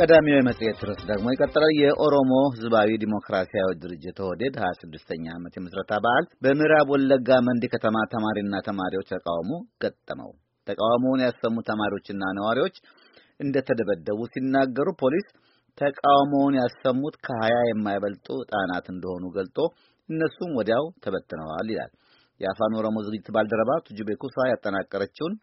ቀዳሚው የመጽሔት ርዕስ ደግሞ ይቀጥላል የኦሮሞ ህዝባዊ ዲሞክራሲያዊ ድርጅት ኦህዴድ 26ኛ ዓመት የምስረታ በዓል በምዕራብ ወለጋ መንዲ ከተማ ተማሪና ተማሪዎች ተቃውሞ ገጠመው። ተቃውሞውን ያሰሙ ተማሪዎችና ነዋሪዎች እንደተደበደቡ ሲናገሩ፣ ፖሊስ ተቃውሞውን ያሰሙት ከሀያ የማይበልጡ ጣናት እንደሆኑ ገልጦ እነሱም ወዲያው ተበትነዋል ይላል። የአፋን ኦሮሞ ዝግጅት ባልደረባ ቱጅቤ ኩሳ ያጠናቀረችውን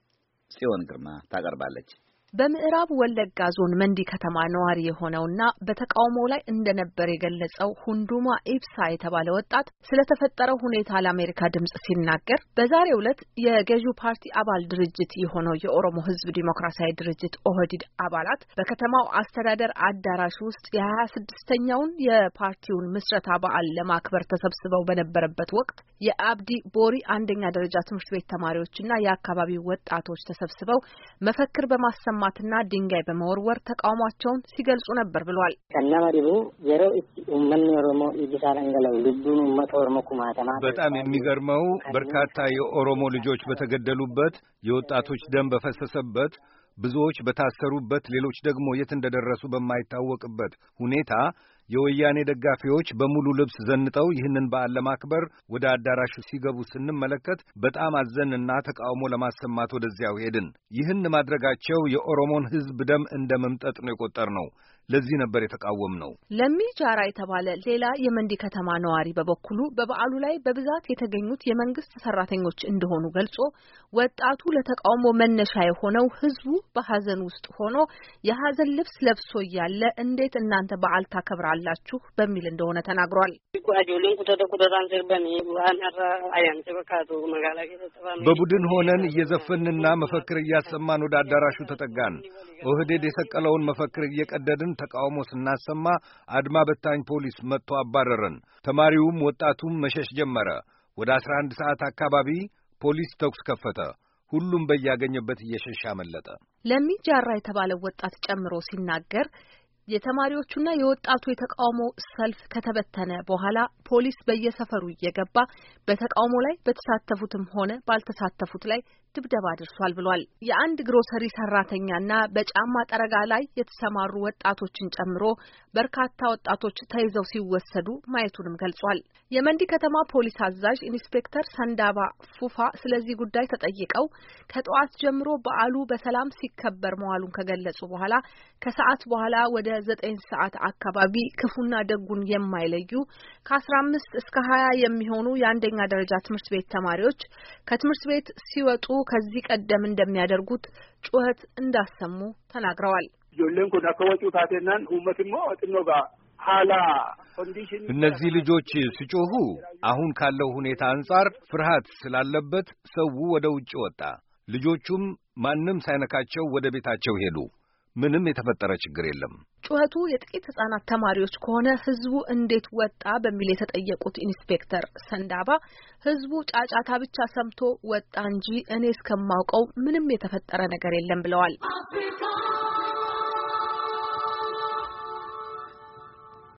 ጽዮን ግርማ ታቀርባለች። በምዕራብ ወለጋ ዞን መንዲ ከተማ ነዋሪ የሆነውና በተቃውሞ ላይ እንደነበር የገለጸው ሁንዱማ ኢብሳ የተባለ ወጣት ስለተፈጠረው ሁኔታ ለአሜሪካ ድምጽ ሲናገር በዛሬው ዕለት የገዢው ፓርቲ አባል ድርጅት የሆነው የኦሮሞ ሕዝብ ዲሞክራሲያዊ ድርጅት ኦህዲድ አባላት በከተማው አስተዳደር አዳራሽ ውስጥ የሀያ ስድስተኛውን የፓርቲውን ምስረታ በዓል ለማክበር ተሰብስበው በነበረበት ወቅት የአብዲ ቦሪ አንደኛ ደረጃ ትምህርት ቤት ተማሪዎችና የአካባቢው ወጣቶች ተሰብስበው መፈክር በማሰማ በመቀማትና ድንጋይ በመወርወር ተቃውሟቸውን ሲገልጹ ነበር ብሏል። በጣም የሚገርመው በርካታ የኦሮሞ ልጆች በተገደሉበት፣ የወጣቶች ደም በፈሰሰበት፣ ብዙዎች በታሰሩበት፣ ሌሎች ደግሞ የት እንደደረሱ በማይታወቅበት ሁኔታ የወያኔ ደጋፊዎች በሙሉ ልብስ ዘንጠው ይህንን በዓል ለማክበር ወደ አዳራሹ ሲገቡ ስንመለከት በጣም አዘንና ተቃውሞ ለማሰማት ወደዚያው ሄድን። ይህን ማድረጋቸው የኦሮሞን ሕዝብ ደም እንደ መምጠጥ ነው ነው። ለዚህ ነበር የተቃወም ነው። ለሚ ጃራ የተባለ ሌላ የመንዲ ከተማ ነዋሪ በበኩሉ በበዓሉ ላይ በብዛት የተገኙት የመንግስት ሰራተኞች እንደሆኑ ገልጾ ወጣቱ ለተቃውሞ መነሻ የሆነው ህዝቡ በሀዘን ውስጥ ሆኖ የሀዘን ልብስ ለብሶ እያለ እንዴት እናንተ በዓል ታከብራ ትችላላችሁ በሚል እንደሆነ ተናግሯል። በቡድን ሆነን እየዘፈንና መፈክር እያሰማን ወደ አዳራሹ ተጠጋን። ኦህዴድ የሰቀለውን መፈክር እየቀደድን ተቃውሞ ስናሰማ አድማ በታኝ ፖሊስ መጥቶ አባረረን። ተማሪውም ወጣቱም መሸሽ ጀመረ። ወደ አስራ አንድ ሰዓት አካባቢ ፖሊስ ተኩስ ከፈተ። ሁሉም በያገኘበት እየሸሸ አመለጠ። ለሚጃራ የተባለው ወጣት ጨምሮ ሲናገር የተማሪዎቹና የወጣቱ የተቃውሞ ሰልፍ ከተበተነ በኋላ ፖሊስ በየሰፈሩ እየገባ በተቃውሞ ላይ በተሳተፉትም ሆነ ባልተሳተፉት ላይ ድብደባ አድርሷል ብሏል። የአንድ ግሮሰሪ ሰራተኛና በጫማ ጠረጋ ላይ የተሰማሩ ወጣቶችን ጨምሮ በርካታ ወጣቶች ተይዘው ሲወሰዱ ማየቱንም ገልጿል። የመንዲ ከተማ ፖሊስ አዛዥ ኢንስፔክተር ሰንዳባ ፉፋ ስለዚህ ጉዳይ ተጠይቀው ከጠዋት ጀምሮ በዓሉ በሰላም ሲከበር መዋሉን ከገለጹ በኋላ ከሰዓት በኋላ ወደ የዘጠኝ ሰዓት አካባቢ ክፉና ደጉን የማይለዩ ከአስራ አምስት እስከ ሀያ የሚሆኑ የአንደኛ ደረጃ ትምህርት ቤት ተማሪዎች ከትምህርት ቤት ሲወጡ ከዚህ ቀደም እንደሚያደርጉት ጩኸት እንዳሰሙ ተናግረዋል። እነዚህ ልጆች ሲጮሁ አሁን ካለው ሁኔታ አንጻር ፍርሃት ስላለበት ሰው ወደ ውጭ ወጣ። ልጆቹም ማንም ሳይነካቸው ወደ ቤታቸው ሄዱ። ምንም የተፈጠረ ችግር የለም። ጩኸቱ የጥቂት ህጻናት ተማሪዎች ከሆነ ህዝቡ እንዴት ወጣ በሚል የተጠየቁት ኢንስፔክተር ሰንዳባ ህዝቡ ጫጫታ ብቻ ሰምቶ ወጣ እንጂ እኔ እስከማውቀው ምንም የተፈጠረ ነገር የለም ብለዋል።